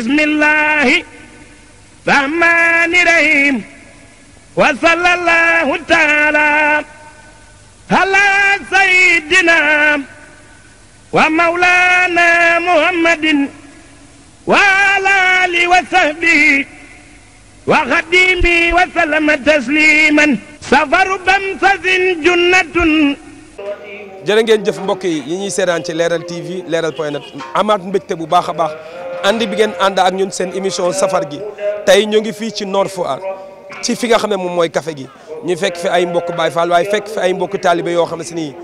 bismillaahi rahmaani rahiim wa sallallaahu taala ala sayyidina wa mawlaana muhammadin wa ala aalihi wa sahbihi wa xadiimihi wa sallama tasliiman safaru bamsasin junnatun jërë ngeen jëf mbokk yi yi ñuy seetaan ci leeral TV leeral point net amaat mbégte bu baax a baax and bi ngeen ànd ak ñun seen émission safar gi tey ñoo ngi fii ci Nord Foire ci fi nga xam ne moom mooy kafe gi ñu fekk fi ay mbokk Baye Fall waaye fekk fi ay mbokk taalibe yoo xam ne si nii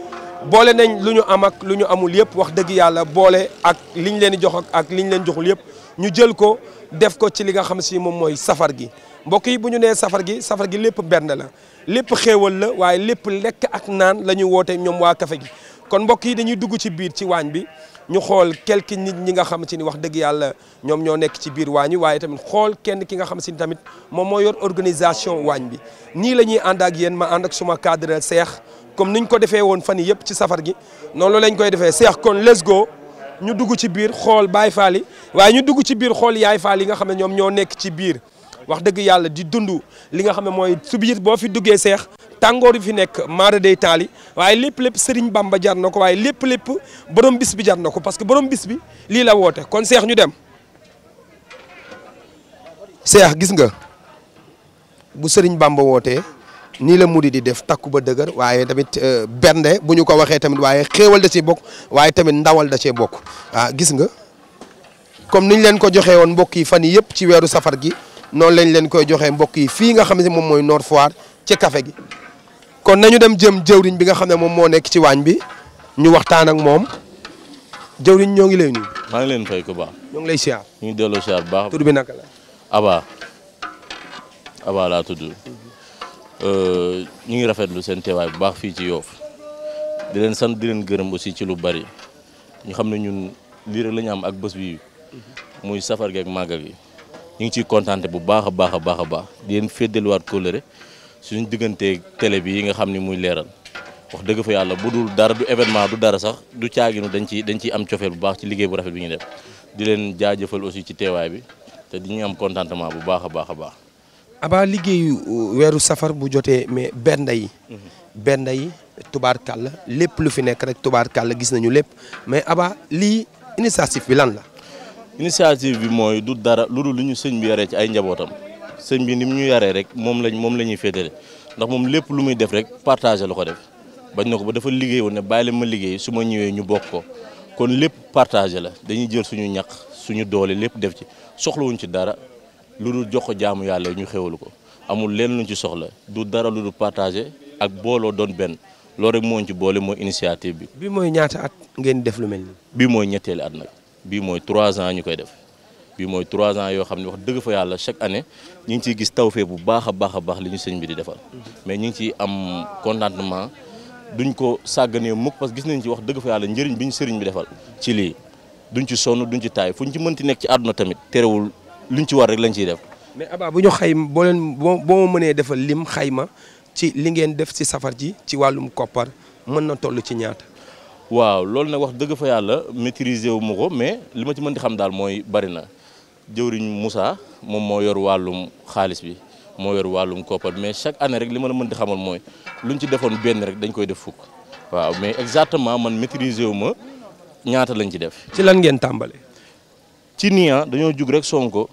boole nañ lu ñu am ak lu ñu amul yëpp wax dëgg yàlla boole ak liñ leen di jox ak liñ leen joxul yëpp ñu jël ko def ko ci li nga xam si moom mooy safar gi mbokk yi bu ñu nee safar gi safar gi lépp benn la lépp xéewal la waaye lépp lekk ak naan la ñuy woote ñoom waa café gi kon mbokk yi dañuy dugg ci biir ci waañ bi ñu xool quelque nit ñi nga xam si ni wax dëgg yàlla ñoom ñoo nekk ci biir waañ wi waaye tamit xool kenn ki nga xam si ni tamit moom mooy yor organisation waañ bi nii la ñuy ànd ak yéen ma ànd ak suma cadre seex comme ñu ko defee woon fan yii yëpp ci safar gi noonu lañ koy defee seex kon let's go ñu dugg ci biir xool baay faali waaye ñu dugg ci biir xool yaay faal yi nga xam ne ñoom ñoo nekk ci biir wax dëgg yàlla di dund li nga xam ne mooy su biir boo fi duggee seex tàngoor yu fi nekk maara day taali waaye lépp lépp Serigne Bamba jar na ko waaye lépp lépp borom bis bi jar na ko parce que borom bis bi lii la woote kon seex ñu dem. seex gis nga bu sëriñ Bamba wootee nii la murid di def takku ba dëgër waaye tamit euh, bernde bu ñu ko waxee tamit waaye xéewal da cee bokk waaye tamit ndawal da cee bokk ah gis nga comme niñ leen ko joxee woon mbokk yi fan yi yëpp ci weeru safar gi noonu lañ leen koy joxe mbokk yi fii nga xam ne moom mooy Nord ci café gi kon nañu dem jëm jëwriñ bi nga xam ne moom moo nekk ci waañ bi ñu waxtaan ak moom jëwriñ ñoo ngi lay nuyu. maa ngi leen fay ku baax. ñoo ngi lay siyaar. ñu ngi delloo siyaar bu baax. tur bi naka la. Aba Aba laa tudd. Euh, ñu ngi rafetlu seen teewaay bu baax fii ci Yoff di leen sant di leen gërëm aussi ci lu bari ñu xam ne ñun lii lañu am ak bés bi muy safar gi ak màggal gi ñu ngi ciy kontaante bu baax a baax a baax a baax di leen féddaliwaat kóllëre suñu digganteeg télé bi yi nga xam ni muy leeral wax dëgg fa yàlla bu dul dara du événement du dara sax du caaginu dañ ciy dañ ciy am cofeel bu baax ci liggéey bu rafet bi ñu def di leen jaajëfal aussi ci teewaay bi te di ñuy am contentement bu baax a baax a baax. Aba liggéeyu weeru safar bu jotee mais bernde yi. bernde yi tubaarkàlla lépp lu fi nekk rek tubaar tubaarkàlla gis nañu lépp mais Aba lii initiative bi lan la. initiative bi mooy du dara lu dul lu ñu sëñ bi ci ay njabootam. sëñ bi ni mu ñu yaree rek moom lañ moom la ñuy féetale ndax moom lépp lu muy def rek partagé lu ko def bañ na ko ba dafa liggéey woon ne bàyyi leen ma liggéey su ma ñëwee ñu bokk ko kon lépp partagé la dañuy jël suñu ñax suñu doole lépp def ci soxla wuñ ci dara lu du jox ko jaamu yàlla ñu xéwalu ko amul lenn luñ ci soxla du dara lu du partagé ak booloo doon benn loolu rek moo ci boole mooy initiative bi. bii mooy ñaata at ngeen def lu mel nii. bii mooy ñetteeli at nag bii mooy trois ans ñu koy def. bi mooy trois ans yoo xam ne wax dëgg fa yàlla chaque année ñu ngi gis tawfee bu baax a baax a baax li ñu sëñ bi di defal mais ñu ngi am contentement duñ ko sàgganee mukk parce que gis nañ ci wax dëgg fa yàlla njëriñ bi ñu sëriñ bi defal ci lii duñ ci sonn duñ ci taay fuñ ci mënti nekk ci àdduna tamit terewul luñ ci war rek lañ ciy def mais Abba bu ñu xayma boo leen boo boo mënee defal lim xayma ci li ngeen def ci safar ji ci wàllum koppar mën na toll ci ñaata. waaw loolu nag wax dëgg fa yàlla maîtriser wu ko mais li ma ci mooy bari na jëwriñ Moussa moom moo yor wàllum xaalis bi moo yor wàllum koppar mais chaque année rek li ma la mën di xamal mooy luñ ci defoon benn rek dañ koy def fukk waaw mais exactement man maîtriser wu ma ñaata lañ ci def. ci lan ngeen tàmbale. ci nian ah, dañoo jug rek Sonko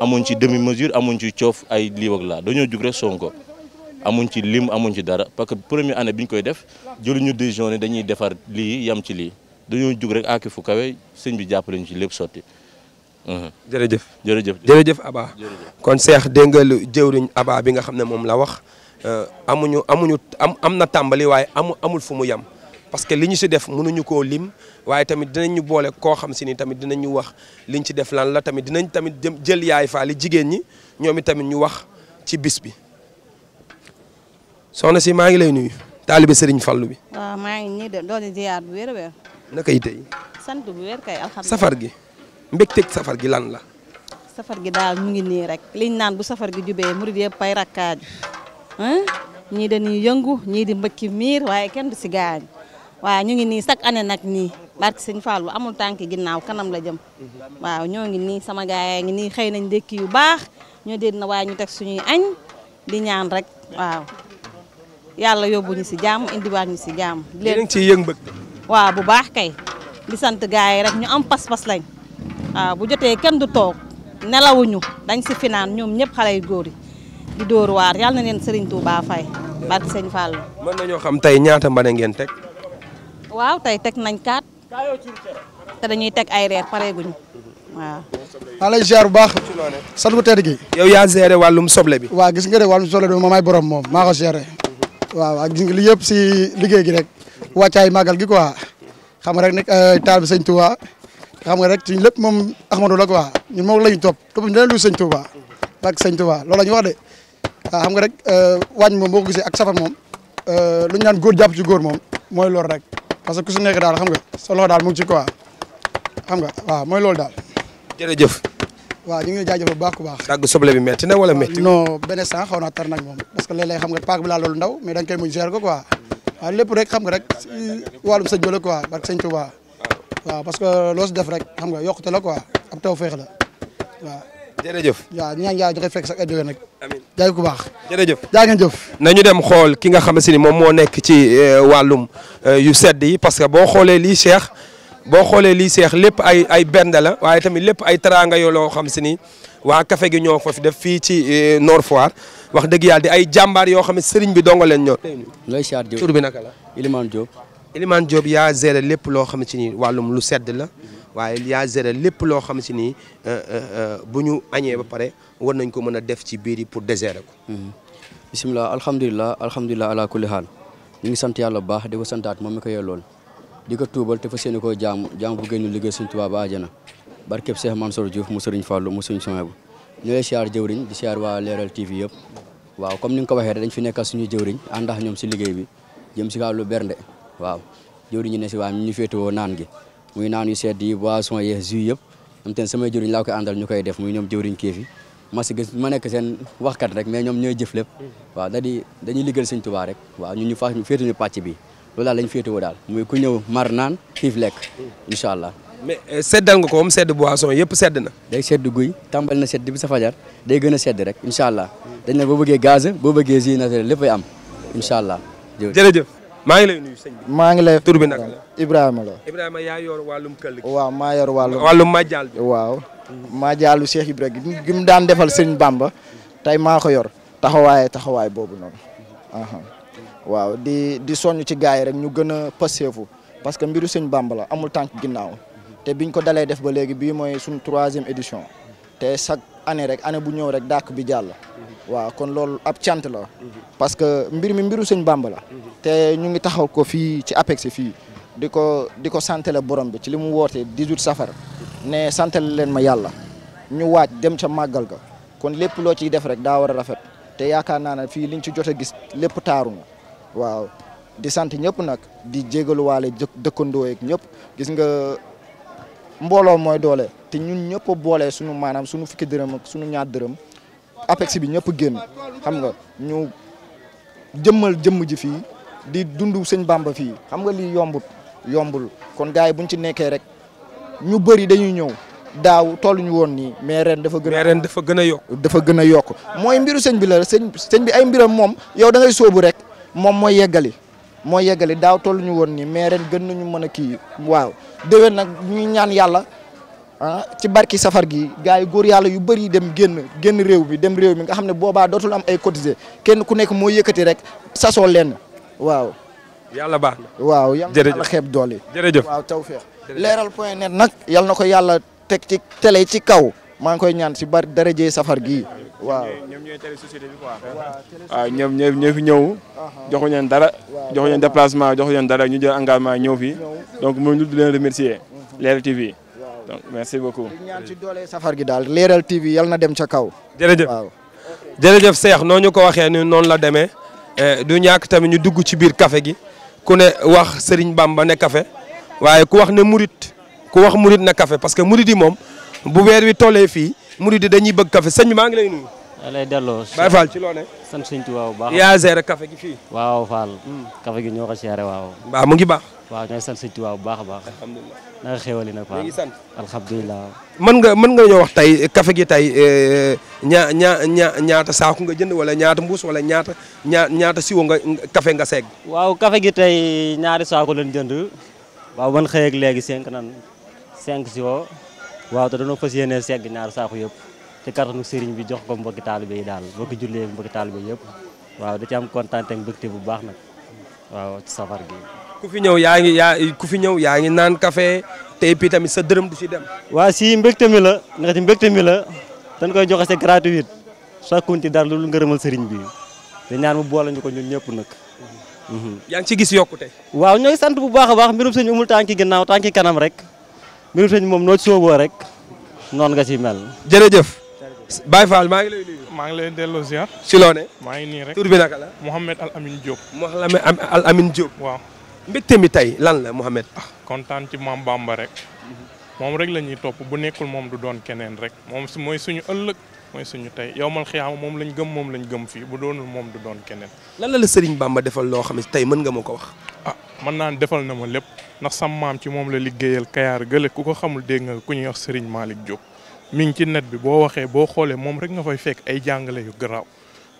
amuñ ci demi mesure amuñ ci coof ay lii ak laa dañoo jug rek Sonko amuñ ci lim amuñ ci dara parce que premier année bi ñu koy def ñu décision ne dañuy defar lii yam ci lii dañoo jug rek àkki fu kawe sëñ bi jàppale ñu ci lépp sotti. Mm-hmm. jërëjëf jërëjëf jërëjëf Aba kon Cheikh dégg nga lu jëwriñ Aba bi nga xam ne moom la wax euh, amuñu amuñu am am na tàmbali waaye amul fu mu yem parce que li ñu si def mënuñu koo lim waaye tamit dinañ ñu boole koo xam si ni tamit dinañ ñu wax liñ ci def lan la tamit dinañ tamit jël yaay li jigéen ñi ñoom itamit ñu wax ci bis bi soxna si maa ngi lay nuyu taalibe Serigne Fallou bi. waaw maa ngi a wér. naka yi sant safar gi. mbégteeg safar gi lan la. safar gi daal mu ngi nii rek liñ naan bu safar gi jubee murid yëpp ay rakkaaju ñii dañuy yëngu ñii di mbëkki miir waaye kenn du si gaañ waaw ñu ngi nii chaque année nag nii barke sëñ Fallou amul tànk ginnaaw kanam la jëm waaw ñoo ngi nii sama gaay yaa ngi nii xëy nañ ndékki yu baax ñoo déet na waaye ñu teg suñuy añ di ñaan rek waaw yàlla yóbbu ñu si jàmm indiwaat ñu si jàmm. di leen ciy yëng bëgg. waaw bu baax kay di sant gaay rek ñu am pas-pas lañ. waaw ah, bu jotee kenn du toog nelaw ñu dañ si finaan ñoom ñëpp xale yu góor yi di dóor waar yàlla na leen Serigne Touba fay barke Sëñ Fall. mën nañoo xam tey ñaata mbane ngeen teg. waaw tey teg nañ kaat te dañuy teg ay reer pareeguñu waaw. maa lay ziar bu baax. sant bu tedd gi. yow yaa géré wàllum soble bi. waaw gis nga de wàllum soble bi moom moom maa ko géré. waaw ak gis nga li yëpp si liggéey gi rek wàccaay màggal gi quoi xam rek nag eh, taal bi Sëñ Touba. xam nga rek ti lépp moom Ahmadou la quoi ñun moom la ñu topp topp ñu dana lu sëñ Touba ak sëñ Touba loolu la ñu wax de waaw xam nga rek euh, wàññi moom moo ko ak safar moom euh, lu ñu naan góor jàpp ci góor moom mooy loolu rek parce que ku su nekk daal xam a sa loxo daal mu ngi xam nga waaw mooy loolu daal. jërëjëf. waaw ñu ngi jaajëfal bu baax ku baax. dagg soble bi métti na wala métti. non benn sens xaw naa tar nag moom parce que léeg-léeg xam nga paak bi laa loolu ndaw mais dañ koy mujj ko quoi waaw lépp rek xam nga rek wàllum sëñ bi la quoi barke sëñ Touba waaw parce que loo si def rek xam nga yokkute la quoi ab taw féex la waaw. jërëjëf waaw ñaan yaa joxe fekk sax jërëjëf jaa jëf. nañu dem xool ki nga xam si ni moom moo nekk ci euh, wàllum euh, yu sedd yi parce que boo xoolee lii Cheikh boo xoolee lii Cheikh lépp ay ay bend la waaye tamit lépp ay teraanga yoo loo xam si ni waa café gi ñoo ko fi def fii ci euh, noor Foire wax dëgg yàlla di ay jàmbaar yoo xam ne sëriñ bi donga leen ñor. bi naka la Elimane Diop yaa géré lépp loo xam ni wàllum lu sedd la waaye yaa lépp loo xam ci ni euh, euh, euh, bu ñu añee ba pare war nañ ko mën a def ci biir yi pour déserter ko. Mm-hmm. bisimilah alhamdulilah alhamdulilah ala kulli haal ñu ngi sant yàlla bu baax di ko santaat moom mi ko yellool di ko tuubal te fas yéene koo jaamu jaamu bu génn liggéey suñ tubaab ba àjjana barkeb Cheikh Mansour Diouf mu sëriñ Fallou mu sëriñ Souhaïbou ñu lay siyaar jëwriñ di siyaar waa Leeral TV yëpp waaw comme ni nga ko waxee dañ fi nekkal suñu jëwriñ àndax ñoom si liggéey bi jëm si bernde waaw ñu ne si waaw ñu féetewoo naan gi muy naan yu sedd yi boisson yeex jus yëpp am teen samay jëwriñ laa koy àndal ñu koy def muy ñoom jëwriñ kéefi ma si gis ma nekk seen wax waxkat rek mais ñoom ñooy jëf lépp waaw da di dañuy liggéeyal sëñ Tuubaa rek waaw ñun ñu fa féetu ñu pàcc bi loolu daal lañ féetewoo daal muy ku ñëw mar naan xiif lekk incha allah mais eh, seddal nga ko moom sedd boisson yëpp sedd na day sedd guy tàmbali na sedd bi sa fajar day gën a sedd rek incha allah dañ ne boo bëggee gaz boo bëggee jus naturel léppay am incha allah maa ngi lay nuyu sëñ maa ngi lay tur nag la Ibrahima la. Ibrahima yaa yor wàllum këll gi. waaw maa yor wàllum wàllum majaal bi. waaw majaal lu Cheikh Ibrahima gi mu daan defal sëñ Bamba tey maa ko yor taxawaaye taxawaay boobu noonu. waaw di di soññ ci gars yi rek ñu gën a passeefu parce que mbiru sëñ Bamba la amul tànk ginnaaw te biñ ko dalee def ba léegi bii mooy suñ troisième édition te chaque année rek année bu ñëw rek dàkk bi jàll. waaw kon loolu ab cant la parce que mbir mi mbiru sëñ Bàmba la te ñu ngi taxaw ko fii ci APEX fii di ko di ko santale borom bi ci li mu di jut safar ne santale leen ma yàlla ñu waaj dem ca màggal ga kon lépp loo ciy def rek daa war a rafet te yaakaar naa ne fii liñ ci jot a gis lépp taaru na waaw di sant ñëpp nag di jégaluwaale jë dëkkandoo yeeg ñëpp gis nga mbooloo mooy doole te ñun ñëpp a boole suñu maanaam suñu fukki dërëm ak suñu ñaar dërëm apex bi ñëpp génn xam nga ñu jëmmal jëmm ji fii di dund sëñ Bamba fii xam nga lii yombut yombul kon gars yi buñ ci nekkee rek ñu bëri dañuy ñëw daaw toll ñu woon nii mais ren dafa. gën a ren dafa gën a yokk. dafa gën a yokk mooy mbiru sëñ bi la sëñ sëñ bi ay mbiram moom yow da soobu rek moom mooy yeggali mooy yeggali daaw tollu ñu woon ni mais ren gën nañu mën a kii waaw déwén nag ñuy ñaan yàlla. ah ci barki safar gi gaa yi góor yàlla yu bëri dem génn génn réew mi dem réew mi nga xam ne boobaa dootul am ay cotisé kenn ku nekk moo yëkkati rek sasoo lenn waaw. yàlla baax na waaw yàlla yàlla xeeb dool yi. jërëjëf waaw tawfeex leeral point net nag yal na ko yàlla teg ci télé ci kaw maa ngi koy ñaan si bari darajee safar gi waaw ñoom ñooy télé société bi quoi. waaw ah, ñoom fi ñëw. Uh-huh. joxu leen dara. joxu leen déplacement joxu leen dara ñu jël engagement ñëw fi donc mënuñu lu leen remercier uh-huh. leeral TV donc merci beaucoup. di ñaan ci doole safar gi daal leeral TV yal na dem ca kaw. jërëjëf waaw jërëjëf Cheikh noo ñu ko waxee ni noonu la demee eh, du ñàkk tamit ñu dugg ci biir kafe gi ku ne wax Serigne Bamba ne kafe waaye ku wax ne Murit ku wax Murit ne kafe parce que Murit yi moom bu weer wi tollee fii Murit dañuy bëgg kafe sëñ maa ngi lay nuyu. da lay delloo. ci loo san sant Sëñ Tuubaa baax. gi fii. waaw mu ngi baax. waaw ñooy sant sëñ Tuubaa bu baax a baax. alhamdulilah naka xéwali nag waaw alhamdulilah. mën nga mën nga ñoo wax tey kafe gi tey eh, ñaa ñaa ñaa ñaata saaku nga jënd wala ñaata mbuus wala ñaata ñaata siwo nga café nga seeg. waaw kafe gi tey ñaari saaku leen jënd waaw man xëy ak léegi cinq nan cinq siwo waaw te dañoo fas yéenee seeg ñaari saaku yëpp te kàttanu sëriñ bi jox ko mbokki taalibe yi daal mbokki jullee mbokki taalibe yëpp waaw da ci am kontaan ak mbégte bu baax nag waaw ci safar gi. ku fi ñëw yaa ngi yaa ku fi ñëw yaa ngi naan kafe te et tamit sa dërëm du si dem. waa si mbégte mi la ndax si mi la dañ koy joxe c'est gratuit sakkunti dara lu ngërëmal sëriñ bi te ñaan bu boole ñu ko ñun ñëpp nag. Mhm. yaa ngi ci gis yokkute. waaw ñoo sant bu baax a baax mbirum sëñ amul tànki ginnaaw tànki kanam rek mu sëñ moom noo ci sooboo rek noon nga si mel. jërëjëf. Baye Fall maa ngi lay nuyu. maa ngi lay delloo ziar. si loone. maa ngi nii la. Mouhamed Al Amin Diop. mbégte mi tey lan la ah kontaan ci maam Bamba rek moom rek la ñuy topp bu nekkul moom du doon keneen rek moom su mooy suñu ëllëg mooy suñu tey yowmal xiyaama moom lañ gëm moom lañ gëm fii bu doonul moom du doon keneen. lan la la Serigne Bamba defal loo xam ne tey mën nga ma ko wax. ah mën naa defal na ma lépp ndax sam maam ci moom la liggéeyal Kayaar gële ku ko xamul dégg nga ku ñuy wax Serigne Malick Diop mi ngi ci net bi boo waxee boo xoolee moom rek nga fay fekk ay jàngale yu garaaw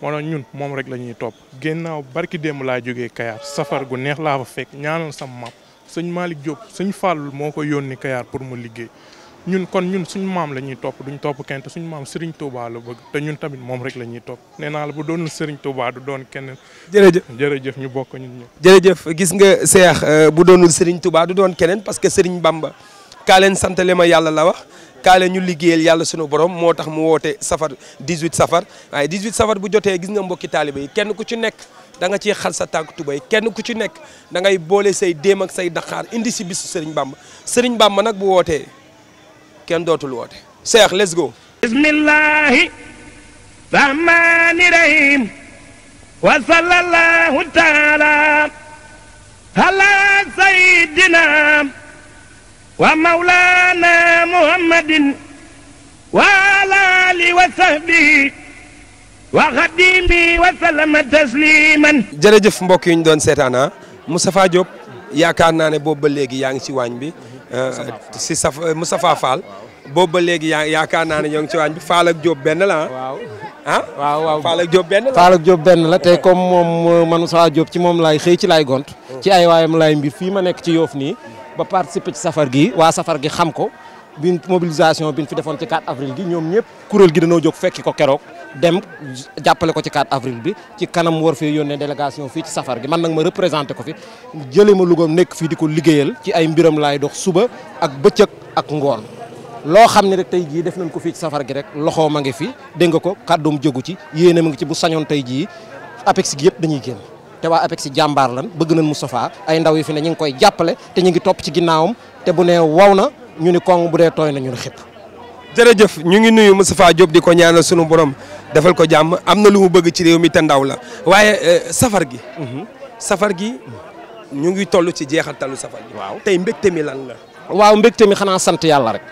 moo ñun moom rek la ñuy topp génnaaw barki dem laa jógee Kayar safar gu neex laa fa fekk ñaanal sama maam suñ Malick jóg suñ Fallou moo ko yónni Kayar pour mu liggéey ñun kon ñun suñu maam la ñuy topp duñ topp kenn te suñ maam Serigne Touba la bëgg te ñun tamit moom rek la ñuy topp nee naa la bu doonul Serigne Touba du doon kenn. jërëjëf jërëjëf ñu bokk ñun ñëpp. jërëjëf gis nga Cheikh euh, bu doonul Serigne Touba du doon keneen parce que Serigne Bamba kaa leen santale ma yàlla la wax. kaale ñu liggéeyal yàlla sunu borom moo tax mu woote safar 18 safar waaye 18 safar bu jotee gis nga mbokki taalibe yi kenn ku ci nekk danga nga ciy xal sa tànk tubay kenn ku ci nekk da ngay boole say déem ak say daqaar indi si bisu ba Bamba Serigne ba nag bu wootee kenn dootul woote. Cheikh let's go. bismillahi rahmani rahim wa sallallahu taala ala sayyidina waa mawlaana muhammadin wa ala wa sahbihi wa xadimi wa salama tasliman jërëjëf mbokk yi ñu doon seetaana ah, Moustapha Diop yaakaar naa ne boobu ba léegi yaa ngi ci waañ bi si eh, saf eh, Moustapha Fall ba léegi yaa yaakaar naa ne ñoo ngi ci waañ bi Fall ak benn la ah ah waaw waaw Fall ak benn la Fall ak Diop te comme moom man eh, Moustapha Diop ci moom laay xëy ci laay gont mm. ci ay waayam laay mbir fii ma nekk ci yoof nii ba participer ci safar gi waa safar gi xam ko bi mobilisation bi ñu fi defoon ci 4 avril gi ñoom ñëpp kuréel gi dañoo jóg fekki ko keroog dem jàppale ko ci 4 avril bi ci kanam war fee yónnee délégation fii ci safar gi man nag ma représenté ko fi jëlee ma Louga nekk fii di ko liggéeyal ci ay mbiram laay dox suba ak bëccëg ak ngoon loo xam ne rek tey jii def nañ ko fii ci safar gi rek loxoo ma ngi fi dégg nga ko kàddum jógu ci yéene ma ngi ci bu sañoon tey jii apex gi dañuy génn te waa ci jàmbaar lan bëgg nañ Moustapha ay ndaw yi fi ne ñu ngi koy jàppale te ñu ngi topp ci ginnaawam te bu nee wow na ñu ni kong bu dee tooy na ñu ni xëpp. jërëjëf ñu ngi nuyu Moustapha Diop di ko ñaanal sunu borom defal ko jàmm am na lu mu bëgg ci réew mi te ndaw la waaye euh, safar gi. Mhm. safar gi ñu ngi toll ci jeexantalu safar gi. waaw tey mbégte mi lan la. waaw mbégte mi xanaa sant yàlla rek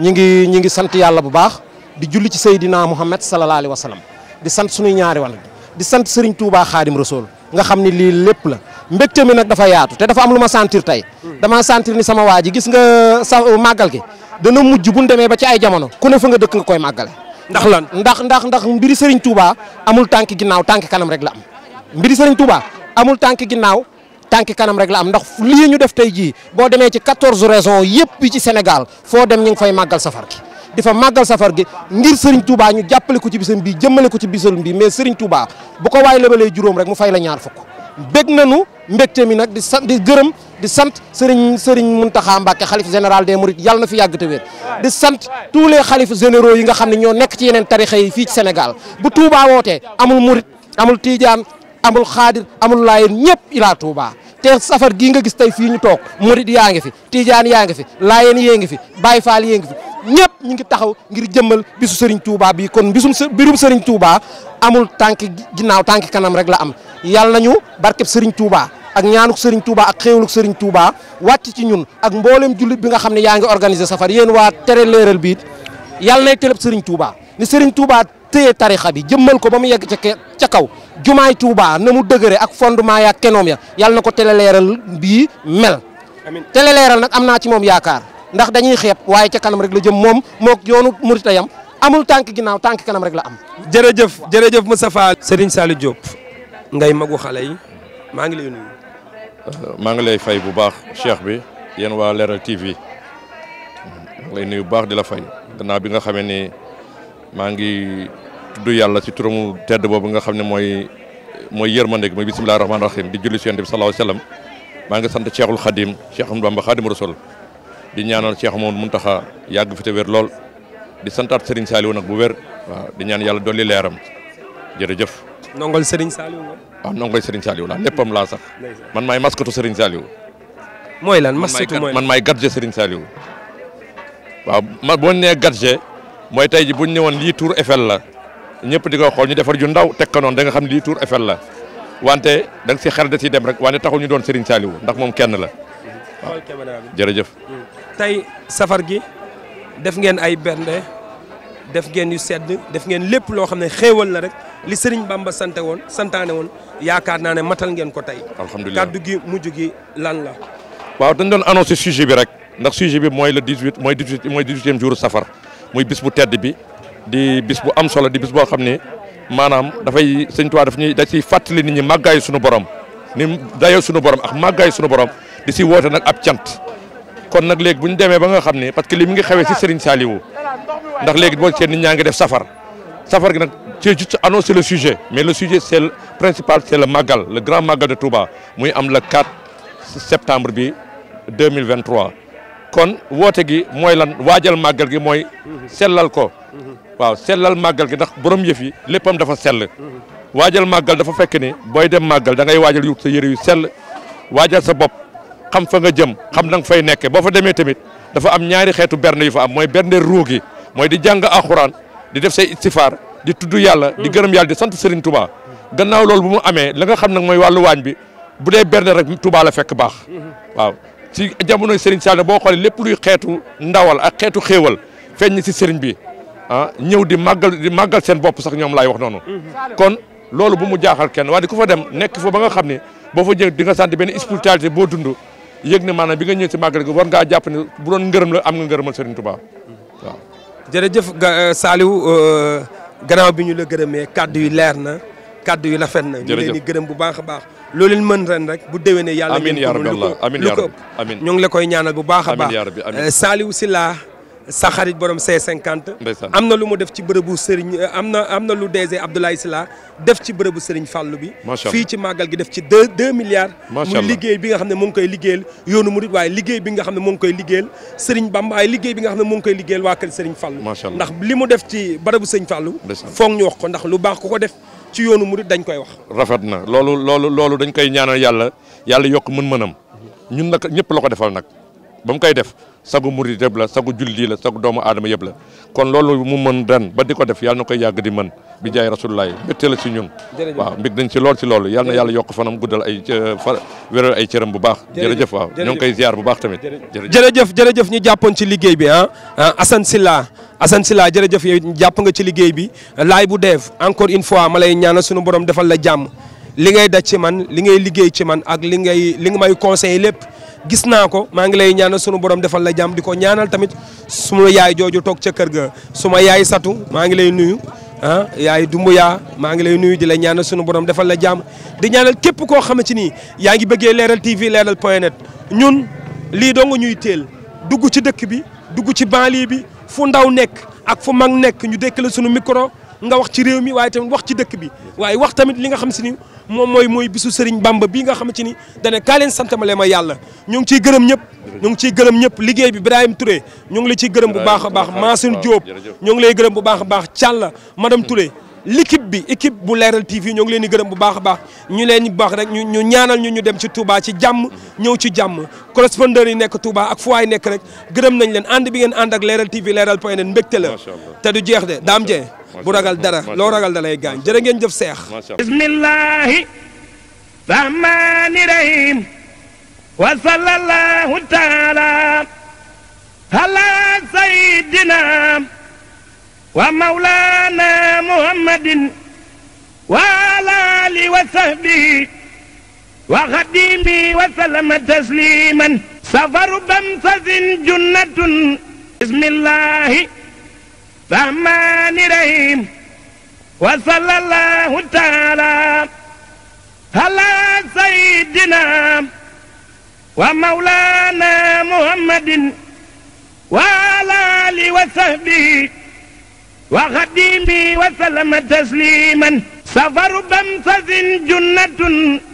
ñu ngi ñu ngi sant yàlla bu baax di julli ci Seydina Muhammad sallallahu alayhi wa sallam di sant sunuy ñaari wan di sant Serigne Touba Khadim Rasoul nga xam ni lii lépp la mbégte mi nag dafa yaatu te dafa am lu ma sentir tey dama sentir ni sama waa ji gis nga sa màggal gi dana mujj bu ñu demee ba ci ay jamono ku ne fa nga dëkk nga koy màggale ndax lan ndax ndax ndax mbiri Serigne Touba amul tànk ginnaaw tànk kanam rek la am mbiri Serigne Touba amul tànk ginnaaw tànk kanam rek la am ndax lii ñu def tey jii boo demee ci quatorze régions yëpp yi ci Sénégal foo dem ñu ngi fay màggal safar gi di fa màggal safar gi ngir Serigne Touba ñu jàppale ko ci bisa bii jëmmale ko ci bisam bii mais Serigne Touba bu ko waay lebalee juróom rek mu fay la ñaar fukk bég nañu mbégte mi nag di sant di gërëm di sant Serigne Serigne Mountakha Mbacké xalif général des Mourides yàlla na fi yàgg te wér di sant tous les xalif généraux yi nga xam ne ñoo nekk ci yeneen tarixa yi fii ci Sénégal bu Touba wootee amul Mouride amul tiijaan amul Xaadir amul Laayeen ñëpp ilaa Touba. te safar gii nga gis tey ñu toog Mouride yaa ngi fi Tidiane yaa ngi fi Laayeen yee ngi fi Baye Fall ñëpp ñu ngi taxaw ngir jëmmal bisu Serigne Touba bi kon bisum birum Serigne Touba amul tànk ginnaaw tànk kanam rek la am yàlla nañu barkeb Serigne Touba ak ñaanuk sëriñ Touba ak xéewaluk Serigne Touba wàcc ci ñun ak mboolem jullit bi nga xam ne yaa ngi organiser safar yéen waa tere leeral bi yàlla nay télép Serigne Touba ni Serigne Touba téye tarixa bi jëmmal ko ba mu yegg ca ca kaw jumaay Touba na mu dëgëre ak fondement yaa kenoom ya yàlla na ko télé leeral bii mel télé leeral nag am naa ci moom yaakaar ndax dañuy xeeb waaye ca kanam rek la jëm moom mook yoonu murit yam amul tànk ginaaw tànk kenam rek la am. jërëjëf jërëjëf Moustapha. Serigne saali Diop ngay magu xale yi maa ngi lay nuyu. Euh, maa ngi lay fay bu baax cheikh bi yéen waa Leral TV lay nuyu baax di la fay gannaaw bi nga xamee ni maa ngi tudd yàlla ci turamu tedd boobu nga xam ne mooy mooy yërmande gi mooy bisimilah rahmaani rahim di julli ci Yonent bi sallallahu alayhi wa sallam maa ngi sant Cheikhul Khadim Cheikh Ahmadou Bamba Khadim Rasul di ñaanal Cheikh mun Mountakha yàgg fi te wér lool di santaat Serigne saaliw nag bu wér waaw di ñaan yàlla dool li leeram jërëjëf. nongol sëriñ Saliou la. waaw nongol Serigne Saliou ah, la laa sax. man maay maskatu Serigne Saliou. mooy lan maskatu mooy man maay gadje Serigne Saliou. waaw ma boo nee gadje mooy tey ji bu ñu ñëwoon lii Tour Eiffel la ñëpp di ko xool ñu defar ju ndaw teg ko noonu da nga xam lii Tour Eiffel la wante da nga si xel da siy dem rek wante taxul ñu doon Serigne Saliou ndax moom kenn la. jërëjëf. tey safar gi def ngeen ay bernde def ngeen yu sedd def ngeen lépp loo xam ne xéewal la rek li Serigne Bamba sante woon santaane woon yaakaar naa ne matal ngeen ko tey. alhamdulilah kaddu gi mujj gi lan la. waaw dañ doon annoncé sujet bi rek ndax sujet bi mooy le 18 mooy 18 mooy 18e jour safar muy bis bu tedd bi di bis bu am solo di bis boo xam ne maanaam dafay Sëñ Tuubaa daf ñuy da ciy fàttali nit ñi màggaayu sunu borom ni dayoo sunu borom ak màggaayu sunu borom. di si woote nag ab cant kon nag léegi bu ñu demee ba nga xam ne parce que li mi ngi xewee si Serigne Saliou ndax léegi boo seet ni ñaa ngi def safar safar gi nag c'est juste annoncer le sujet mais le sujet c'est le principal c'est le Magal le grand Magal de Touba muy am le 4 septembre bi 2023 kon woote gi mooy lan waajal màggal gi mooy sellal ko waaw sellal màggal gi ndax borom yëf yi léppam dafa sell waajal màggal dafa fekk ni booy dem màggal da ngay waajal yu sa yëre yu sell waajal sa bopp xam fa nga jëm xam na nga fay nekke boo fa demee tamit dafa am ñaari xeetu bernde yu fa am mooy bernde ruu gi mooy di jàng alxuraan di def say istifaar di tudd yàlla di gërëm yàlla di sant Serigne Touba gannaaw loolu bu mu amee la nga xam nag mooy wàllu waañ bi bu dee bernde rek Touba la fekk baax waaw ci jamonoy Serigne Saliou boo xoolee lépp luy xeetu ndawal ak xeetu xéewal feeñ si Serigne bi ah ñëw di màggal di màggal seen bopp sax ñoom laay wax noonu kon loolu bu mu jaaxal kenn waaye di ku fa dem nekk fa ba nga xam ne boo fa jël di nga sant benn spiritualité boo dund yëg ne maanaam bi nga ñëw si màggal gi war ngaa jàpp ne bu doon ngërëm la am nga ngërëmal Serigne Touba waaw. jërëjëf euh, Saliou euh, gannaaw bi ñu la gërëmee kaddu yi leer na kaddu yi rafet na. ñu leen gërëm bu baax a baax. loo leen mën ren rek bu dewee ne yàlla ngeen ko lu ko amiin yaa rabbi amiin ñu ngi la koy ñaanal bu baax a baax euh, Saliou Sylla sa xarit borom C50. am na lu mu def ci bërëbu sëriñ euh, am na am na lu DG Abdoulaye Sylla def ci bërëbu Serigne Fallou bi. fii ci màggal gi def ci deux deux milliards. muy liggéey bi nga xam ne mu ngi koy liggéeyal yoonu murit waaye liggéey bi nga xam ne mu ngi koy liggéeyal Serigne Bamba waaye liggéey bi nga xam ne mu ngi koy liggéeyal waa kër Serigne Fallou. ndax li mu def ci bërëbu Serigne Fallou. foog ñu wax ko ndax lu baax ku ko def ci yoonu murit dañ koy wax. rafet na loolu loolu loolu dañ koy ñaanal yàlla yàlla yokk mën-mënam ñun nag ñëpp la ko defal nag ba mu koy def sagu murid yëpp la sagu julli la sagu doomu aadama yëpp la kon loolu mu mën ren ba di ko def yàlla na koy yàgg di mën bi jaay rasulullah mbégte la si ñun waaw mbég nañ si lool si loolu yàlla na yàlla yokk fanam guddal ay fa wéral ay cëram bu baax jërëjëf waaw ñoo ngi koy ziar bu baax tamit jërëjëf jërëjëf ñu jàppoon ci liggéey bi ah. ah Assane Sylla Assane Sylla jërëjëf yow jàpp nga ci liggéey bi laay bu deef encore une fois ma lay ñaanal suñu borom defal la jàmm li ngay daj ci man li ngay liggéey ci man ak li ngay li nga may conseillé lépp gis naa ko maa ngi lay ñaanal sunu borom defal la jàmm di ko ñaanal tamit sunu yaay jooju toog ca kër ga suma yaay satu maa ngi lay nuyu ah yaay yaa maa ngi lay nuyu di la ñaanal sunu borom defal la jàmm di ñaanal képp koo xam ni yaa ngi bëggee leeral TV leeral point net ñun lii dong ñuy teel dugg ci dëkk bi dugg ci banlieue bi fu ndaw nekk ak fu mag nekk ñu dékk la sunu micro. nga wax ci réew mi waaye tamit wax ci dëkk bi waaye wax tamit li nga xam si ni moom mooy mooy bisu Serigne Bamba bi nga xam ci ni dana kaa leen sant ma leen ma yàlla ñu ngi ciy gërëm ñëpp ñu ngi ciy gërëm ñëpp liggéey bi Birahim Touré ñu ngi la ciy gërëm bu baax a baax Mansour Diop ñu ngi lay gërëm bu baax a baax Thialla madame Touré l'équipe bi équipe bu leeral TV ñoo ngi leen di gërëm bu baax a baax ñu leen baax rek ñu ñu ñaanal ñu ñu dem ci Touba ci jàmm ñëw ci jàmm correspondeur yi nekk Touba ak fu waay nekk rek gërëm nañ leen ànd bi ngeen ànd ak leeral TV leeral point net mbégte la te du jeex de daam jee bu ragal dara loo ragal da lay gaañ jërë ngeen jëf seex bismillahi rahmani rahim wa sallallahu taala ala sayidina wa maulana muhammadin wa ala ali wa sahbihi wa xadimi wa sallama tasliman safaru bamsasin junnatun bismillahi الرحمن الرحيم وصلى الله تعالى على سيدنا ومولانا محمد وعلى آله وصحبه وخديمه وسلم تسليما سفر بمسز جنة